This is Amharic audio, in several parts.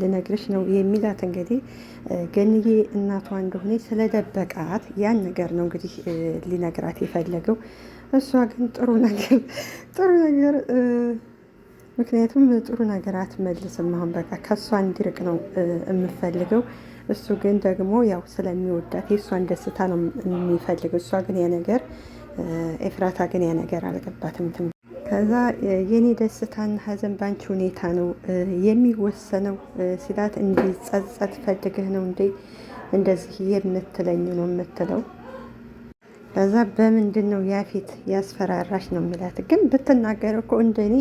ልነግርሽ ነው የሚላት እንግዲህ ገንዬ እናቷ እንደሆነ ስለደበቃት ያን ነገር ነው እንግዲህ ሊነግራት የፈለገው። እሷ ግን ጥሩ ነገር ጥሩ ነገር ምክንያቱም ጥሩ ነገር አትመልስም። አሁን በቃ ከእሷ እንዲርቅ ነው የምፈልገው። እሱ ግን ደግሞ ያው ስለሚወዳት የእሷን ደስታ ነው የሚፈልገው። እሷ ግን ያ ነገር ኤፍራታ ግን ያ ነገር አልገባትም። ከዛ የኔ ደስታና ሀዘን ባንቺ ሁኔታ ነው የሚወሰነው ሲላት እንዲጸጸት ፈልገህ ነው እንዴ እንደዚህ የምትለኝ ነው የምትለው በዛ በምንድን ነው ያፌት ያስፈራራሽ ነው የሚላት። ግን ብትናገር እኮ እንደኔ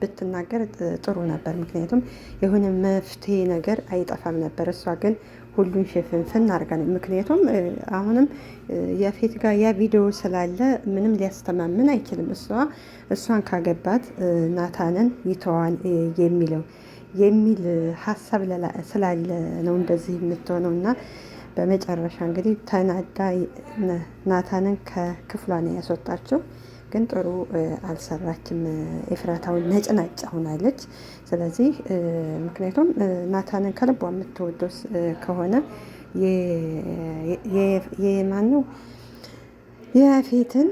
ብትናገር ጥሩ ነበር። ምክንያቱም የሆነ መፍትሄ ነገር አይጠፋም ነበር። እሷ ግን ሁሉን ሽፍንፍን አድርጋ ነው። ምክንያቱም አሁንም ያፌት ጋር ያ ቪዲዮ ስላለ ምንም ሊያስተማምን አይችልም። እሷ እሷን ካገባት ናታንን ይተዋል የሚለው የሚል ሀሳብ ስላለ ነው እንደዚህ የምትሆነው እና በመጨረሻ እንግዲህ ተናዳ ናታንን ከክፍሏ ነው ያስወጣችው። ግን ጥሩ አልሰራችም። ኤፍራታውን ነጭናጭ ሆናለች። ስለዚህ ምክንያቱም ናታንን ከልቧ የምትወደው ከሆነ የማነው የፊትን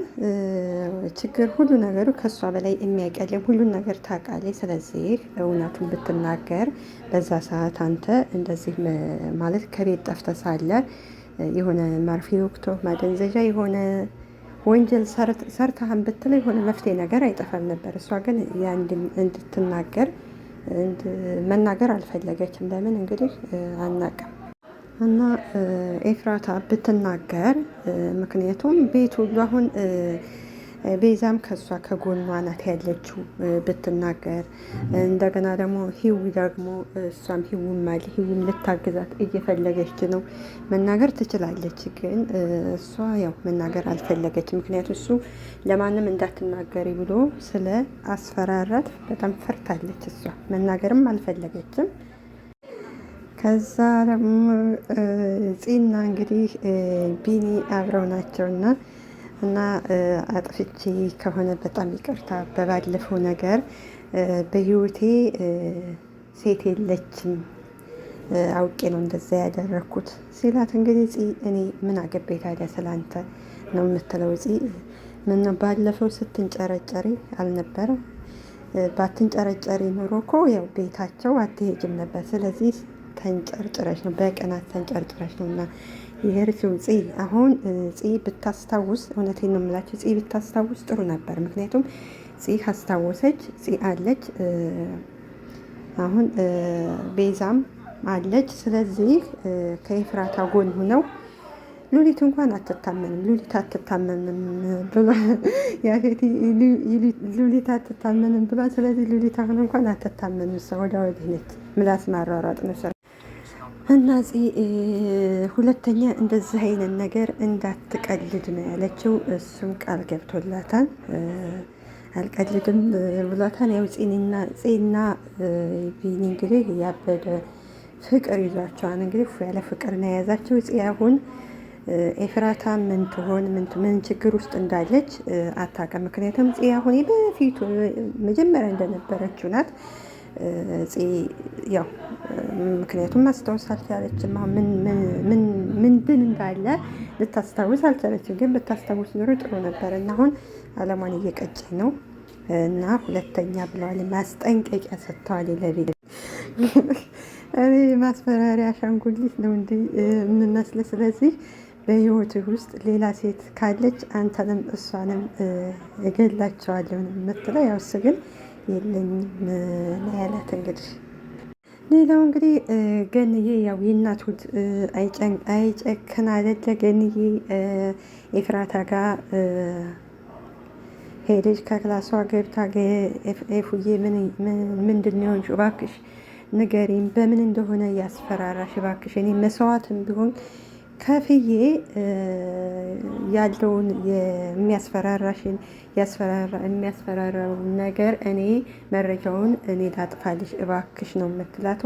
ችግር ሁሉ ነገሩ ከእሷ በላይ የሚያቀልም ሁሉን ነገር ታውቃለች። ስለዚህ እውነቱን ብትናገር በዛ ሰዓት አንተ እንደዚህ ማለት ከቤት ጠፍተ ሳለ የሆነ መርፌ ወቅቶ ማደንዘዣ የሆነ ወንጀል ሰርተሃን ብትለው የሆነ መፍትሄ ነገር አይጠፋም ነበር። እሷ ግን እንድትናገር መናገር አልፈለገችም። ለምን እንግዲህ አናቅም። እና ኤፍራታ ብትናገር፣ ምክንያቱም ቤቱ አሁን ቤዛም ከሷ ከጎኗ ናት ያለችው ብትናገር፣ እንደገና ደግሞ ሂዊ ደግሞ እሷም ሂውም አለ ሂውም ልታግዛት እየፈለገች ነው። መናገር ትችላለች፣ ግን እሷ ያው መናገር አልፈለገች። ምክንያቱም እሱ ለማንም እንዳትናገሪ ብሎ ስለ አስፈራራት በጣም ፈርታለች። እሷ መናገርም አልፈለገችም። ከዛ ደግሞ ጺና እንግዲህ ቢኒ አብረው ናቸውና እና አጥፍቼ ከሆነ በጣም ይቅርታ። በባለፈው ነገር በህይወቴ ሴት የለችም አውቄ ነው እንደዛ ያደረግኩት ሲላት እንግዲህ ጺ እኔ ምን አገባኝ ታዲያ ስላንተ ነው የምትለው ጺ ምን ነው ባለፈው ስትንጨረጨሪ አልነበረ? ባትንጨረጨሪ ኑሮ እኮ ያው ቤታቸው አትሄጅም ነበር። ስለዚህ ተንጨርጭረሽ ነው፣ በቅናት ተንጨርጭረሽ ነው እና የሄርፊው ጽ አሁን ጽ ብታስታውስ እውነቴን ነው የምላቸው፣ ጽ ብታስታውስ ጥሩ ነበር። ምክንያቱም ጽ አስታወሰች፣ ጽ አለች፣ አሁን ቤዛም አለች። ስለዚህ ከኤፍራታ ጎን ሁነው ሉሊት እንኳን አትታመንም፣ ሉሊት አትታመንም ብሏል ያፌት ሉሊት አትታመንም ብሏል። ስለዚህ ሉሊት አሁን እንኳን አትታመንም፣ ሰው ወዲያ ወዲህ ነች፣ ምላስ ማሯሯጥ ነው። እና ሁለተኛ እንደዚህ አይነት ነገር እንዳትቀልድ ነው ያለችው። እሱም ቃል ገብቶላታል። አልቀልድም ብሏታል። ያው ፄና ቢኒ እንግዲህ ያበደ ፍቅር ይዟቸዋል። እንግዲህ ያለ ፍቅር ነው የያዛቸው። ጽ አሁን ኤፍራታ ምን ትሆን ምን ችግር ውስጥ እንዳለች አታውቅም። ምክንያቱም ጽ አሁን በፊቱ መጀመሪያ እንደነበረችው ናት። ያው ምክንያቱም ማስታወስ አልቻለችም። ምንድን እንዳለ ልታስታውስ አልቻለችም። ግን ብታስታውስ ኑሮ ጥሩ ነበር እና አሁን አለሟን እየቀጨ ነው እና ሁለተኛ ብለዋል። ማስጠንቀቂያ ሰጥተዋል። ለቤት እኔ ማስፈራሪያ አሻንጉሊት ነው እንዲ የምመስል። ስለዚህ በህይወት ውስጥ ሌላ ሴት ካለች አንተንም እሷንም እገላቸዋለሁ የምትለው ያው እሱ ግን የለኝም ያላት እንግዲህ ሌላው እንግዲህ ገንዬ ያው የእናቱት አይጨክን አይደለ? ገንዬ ኤፍራታ ጋር ሄደች። ከክላሷ ገብታ ኤፉዬ ምንድን የሆንሽ እባክሽ ንገሪኝ፣ በምን እንደሆነ ያስፈራራሽ እባክሽ እኔ መስዋዕትም ቢሆን ከፍዬ ያለውን የሚያስፈራራሽን የሚያስፈራራው ነገር እኔ መረጃውን እኔ ላጥፋልሽ እባክሽ ነው የምትላቱ።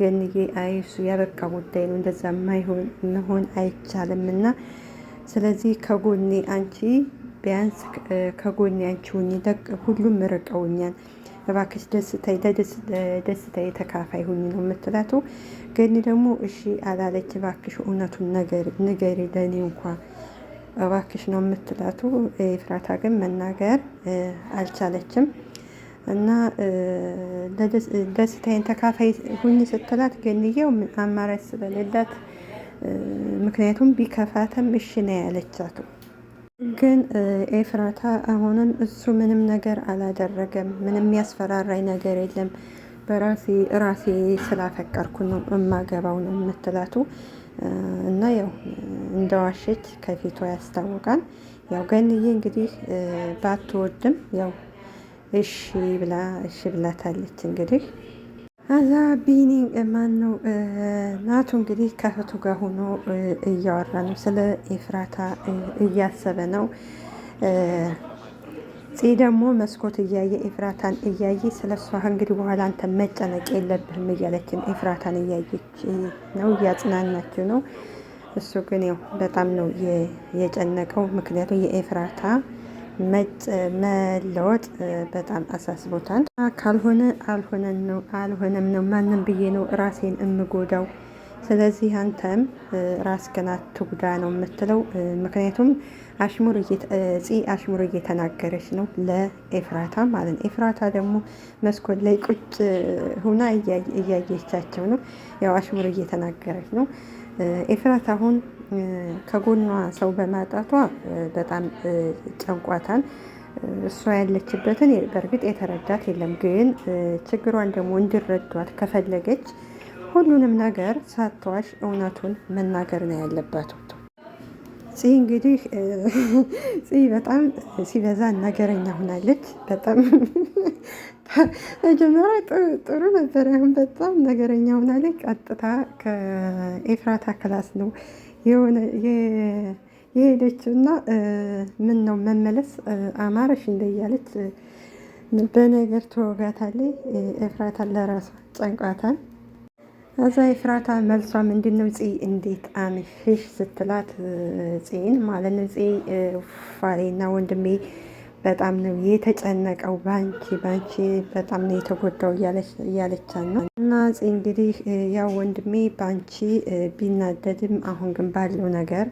ገንዬ አይሱ ያበቃ ጉዳይ ነው። እንደዛ ማይሆን መሆን አይቻልም። እና ስለዚህ ከጎኔ አንቺ ቢያንስ ከጎኔ አንቺ ሁኚ። ሁሉም ርቀውኛል። እባክሽ ደስታዬ ተካፋይ ሁኝ ነው የምትላቱ። ገኒ ደግሞ እሺ አላለች። እባክሽ እውነቱን ንገሪ ለእኔ እንኳ እባክሽ ነው የምትላቱ። ኤፍራታ ግን መናገር አልቻለችም። እና ደስታዬን ተካፋይ ሁኝ ስትላት ገንየው ምን አማራጭ ስለሌላት ምክንያቱም ቢከፋተም እሽ ነው ያለቻቱ። Mm. ግን ኤፍራታ አሁንም እሱ ምንም ነገር አላደረገም፣ ምንም ያስፈራራኝ ነገር የለም፣ በራሴ ራሴ ስላፈቀርኩ ነው እማገባው ነው የምትላቱ እና ያው እንደዋሸች ከፊቷ ያስታውቃል። ያው ገንዬ እንግዲህ ባትወድም ያው እሺ ብላ እሺ ብላታለች እንግዲህ እዛ ቢኒ ማን ነው ናቱ እንግዲህ ከእህቱ ጋር ሆኖ እያወራ ነው። ስለ ኤፍራታ እያሰበ ነው። ጽ ደግሞ መስኮት እያየ ኤፍራታን እያየ ስለ እሷ እንግዲህ በኋላ አንተ መጨነቅ የለብህም እያለችን ኤፍራታን እያየች ነው፣ እያጽናናችው ነው። እሱ ግን ያው በጣም ነው የጨነቀው። ምክንያቱም የኤፍራታ መለወጥ በጣም አሳስቦታል። ካልሆነ አልሆነም ነው አልሆነም ነው ማንም ብዬ ነው ራሴን እምጎዳው። ስለዚህ አንተም ራስህን አትጉዳ ነው የምትለው። ምክንያቱም አሽሙር ጽ አሽሙር እየተናገረች ነው ለኤፍራታ ማለት ነው። ኤፍራታ ደግሞ መስኮት ላይ ቁጭ ሁና እያየቻቸው ነው። ያው አሽሙር እየተናገረች ነው ኤፍራታ አሁን ከጎኗ ሰው በማጣቷ በጣም ጨንቋታል። እሷ ያለችበትን በእርግጥ የተረዳት የለም፣ ግን ችግሯን ደግሞ እንዲረዷት ከፈለገች ሁሉንም ነገር ሳትዋሽ እውነቱን መናገር ነው ያለባት። ጽይ እንግዲህ ጽይ በጣም ሲበዛ ነገረኛ ሆናለች። በጣም መጀመሪያ ጥሩ ነበር፣ አሁን በጣም ነገረኛ ሆናለች። ቀጥታ ከኤፍራታ ክላስ ነው የሆነ እና ምን ነው መመለስ አማረሽ እንደያለች በነገር ትወጋታለች። እፍራታ ለራሷ ጨንቋታል። እዛ የፍራታ መልሷ ምንድን ነው ጽ እንዴት አመሸሽ ስትላት ጽን ማለት ነው ጽ ፋሬና ወንድሜ በጣም ነው የተጨነቀው ባንቺ ባንቺ በጣም ነው የተጎዳው እያለቻ ነው። እና እንግዲህ ያው ወንድሜ ባንቺ ቢናደድም አሁን ግን ባለው ነገር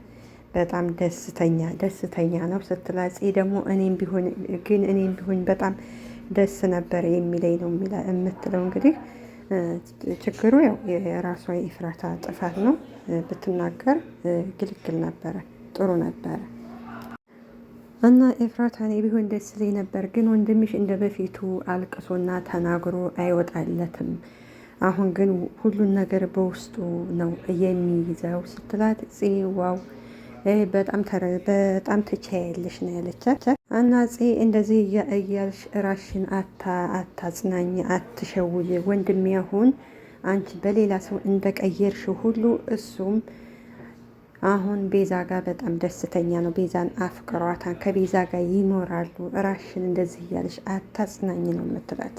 በጣም ደስተኛ ደስተኛ ነው ጽ ደግሞ እኔም ቢሆን ግን እኔም ቢሆን በጣም ደስ ነበር የሚለኝ ነው የምትለው እንግዲህ ችግሩ ያው የራሷ የኤፍራታ ጥፋት ነው። ብትናገር ግልግል ነበረ ጥሩ ነበረ። እና ኤፍራታ እኔ ቢሆን ደስ ይለኝ ነበር፣ ግን ወንድምሽ እንደ በፊቱ አልቅሶና ተናግሮ አይወጣለትም። አሁን ግን ሁሉን ነገር በውስጡ ነው የሚይዘው ስትላት ዋው በጣም ትቻያለሽ ነው ያለቻት። እና ጽ እንደዚህ እያልሽ ራሽን አታጽናኝ፣ አትሸውይ። ወንድሜ አሁን አንቺ በሌላ ሰው እንደቀየርሽ ሁሉ እሱም አሁን ቤዛ ጋር በጣም ደስተኛ ነው። ቤዛን አፍቅሯታን ከቤዛ ጋር ይኖራሉ። ራሽን እንደዚህ እያለች አታጽናኝ ነው የምትላት።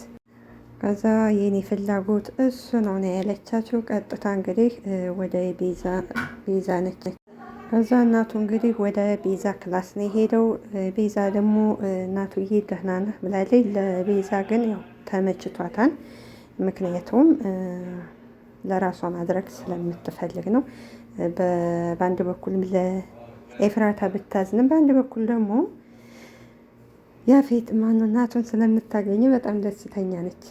ከዛ የኔ ፍላጎት እሱ ነው ነው ያለቻቸው። ቀጥታ እንግዲህ ወደ ቤዛ ነች። ከዛ እናቱ እንግዲህ ወደ ቤዛ ክላስ ነው የሄደው። ቤዛ ደግሞ እናቱዬ ደህና ነህ ብላለች። ለቤዛ ግን ያው ተመችቷታን፣ ምክንያቱም ለራሷ ማድረግ ስለምትፈልግ ነው። በአንድ በኩል ለኤፍራታ ብታዝንም በአንድ በኩል ደግሞ ያፌት ማኑ እናቱን ስለምታገኘ በጣም ደስተኛ ነች።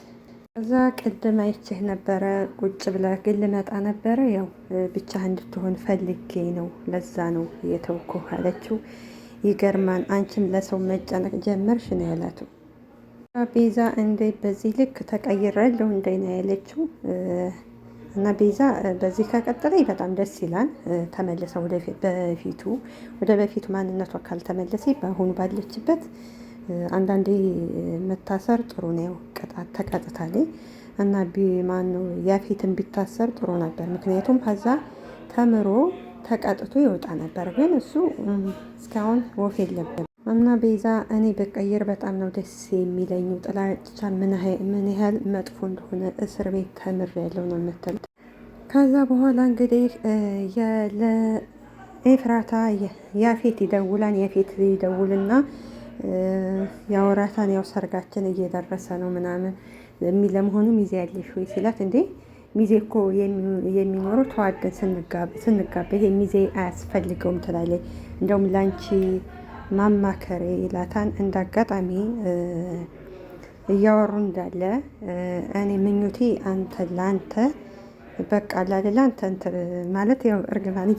እዛ ቅድም አይቼህ ነበረ ቁጭ ብለህ ግን ልመጣ ነበረ፣ ያው ብቻ እንድትሆን ፈልጌ ነው፣ ለዛ ነው የተውኩህ አለችው። ይገርማን አንቺም ለሰው መጨነቅ ጀመርሽ ነው ያላቱ ቤዛ እንዴ በዚህ ልክ ተቀይራለሁ እንዴ ነው ያለችው። እና ቤዛ በዚህ ከቀጠለ በጣም ደስ ይላል። ተመለሰ በፊቱ ወደ በፊቱ አካል ተመለሰ። በአሁኑ ባለችበት አንዳንዴ መታሰር ጥሩ ነው። ቅጣት ተቀጥታለች እና ማን ያፌትን ቢታሰር ጥሩ ነበር። ምክንያቱም ከዛ ተምሮ ተቀጥቶ ይወጣ ነበር። ግን እሱ እስካሁን ወፍ የለበት እና ቤዛ እኔ በቀየር በጣም ነው ደስ የሚለኝ። ጥላቻ ምን ያህል መጥፎ እንደሆነ እስር ቤት ተምር ያለው ነው የምትል። ከዛ በኋላ እንግዲህ ለኤፍራታ ያፌት ይደውላን ያፌት ይደውልና ያወራታን ያው ሰርጋችን እየደረሰ ነው ምናምን ለመሆኑ ሚዜ ያለሽ ወይ ሲላት፣ እንዴ ሚዜ እኮ የሚኖረው ተዋደን ይሄ ሚዜ አያስፈልገውም ትላለች። እንደውም ላንቺ ማማከሬ ይላታን። እንዳጋጣሚ አጋጣሚ እያወሩ እንዳለ እኔ ምኞቴ አንተ ለአንተ በቃ አላደላ እንትን ማለት ያው እርግማን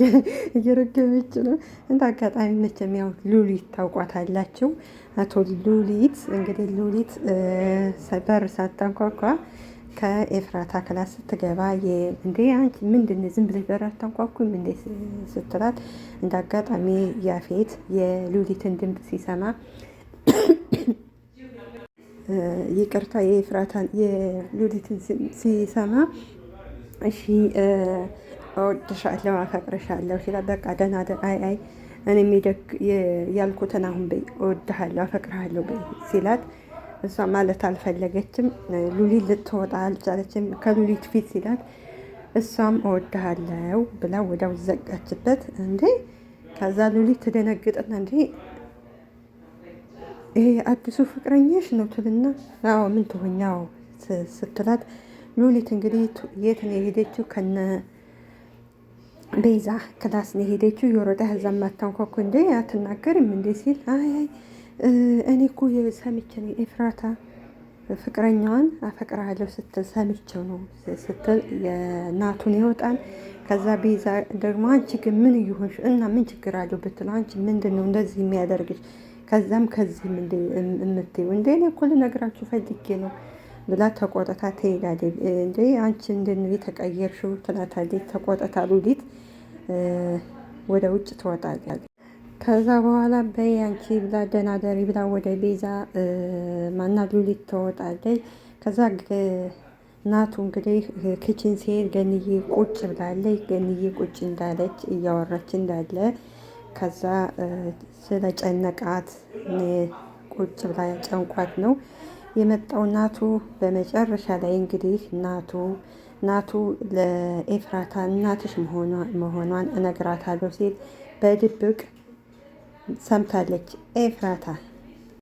እየረገመች ነው። እንደ አጋጣሚ መቼም ያው ሉሊት ታውቋታላችሁ። አቶ ሉሊት እንግዲህ ሉሊት በር ሳታንኳኳ ከኤፍራታ ክላስ ስትገባ እንዴ አንቺ ምንድን ዝም ብለሽ በር አታንኳኩም እንዴ ስትላት እንደ አጋጣሚ ያፌት የሉሊትን ድምፅ ሲሰማ ይቅርታ የኤፍራታን የሉሊትን ሲሰማ እሺ እወድሻለሁ፣ አፈቅርሻለሁ ሲላ በቃ ደህና ደር አይ አይ እኔ የሚደግ ያልኩትን አሁን በይ እወድሃለሁ፣ አፈቅርሃለሁ በይ ሲላት እሷ ማለት አልፈለገችም። ሉሊ ልትወጣ አልቻለችም ከሉሊት ፊት ሲላት እሷም እወድሃለሁ ብላ ወዳው ዘጋችበት። እንዴ ከዛ ሉሊት ትደነግጥና እንዴ ይሄ አዲሱ ፍቅረኛሽ ነው ትልና፣ አዎ ምን ትሆኛው ስትላት ሉሊት እንግዲህ የት ነው የሄደችው? ከነ ቤዛ ክላስ ነው የሄደችው። የወረዳ ህዛብ ማታንኳኩ እንደ አትናገርም እንደ ሲል አይ እኔ እኮ ሰምቼ ነው ኤፍራታ ፍቅረኛዋን አፈቅራለሁ ስትል ሰምቼው ነው ስትል የናቱን ይወጣል። ከዛ ቤዛ ደግሞ አንቺ ግን ምን እየሆንሽ እና ምን ችግር አለው ብትለው አንቺ ምንድን ነው እንደዚህ የሚያደርግሽ? ከዛም ከዚህም የምትይው እንደ እኔ እኮ ልነግራችሁ ፈልጌ ነው ብላ ተቆጥታ ትሄዳለች። እንደ አንቺ እንድንሪ ተቀየርሽው ትላታለች። ተቆጥታ ሉሊት ወደ ውጭ ትወጣለች። ከዛ በኋላ በይ አንቺ ብላ ደሪ ብላ ወደ ቤዛ ማና ሉሊት ትወጣለች። ከዛ ናቱ እንግዲህ ክችን ሲሄድ ገንዬ ቁጭ ብላለች። ገንዬ ቁጭ እንዳለች እያወራች እንዳለ ከዛ ስለ ጨነቃት ቁጭ ብላ ጨንቋት ነው የመጣው ናቱ። በመጨረሻ ላይ እንግዲህ ናቱ ናቱ ለኤፍራታ እናትሽ መሆኗን እነግራታለሁ ሲል በድብቅ ሰምታለች ኤፍራታ።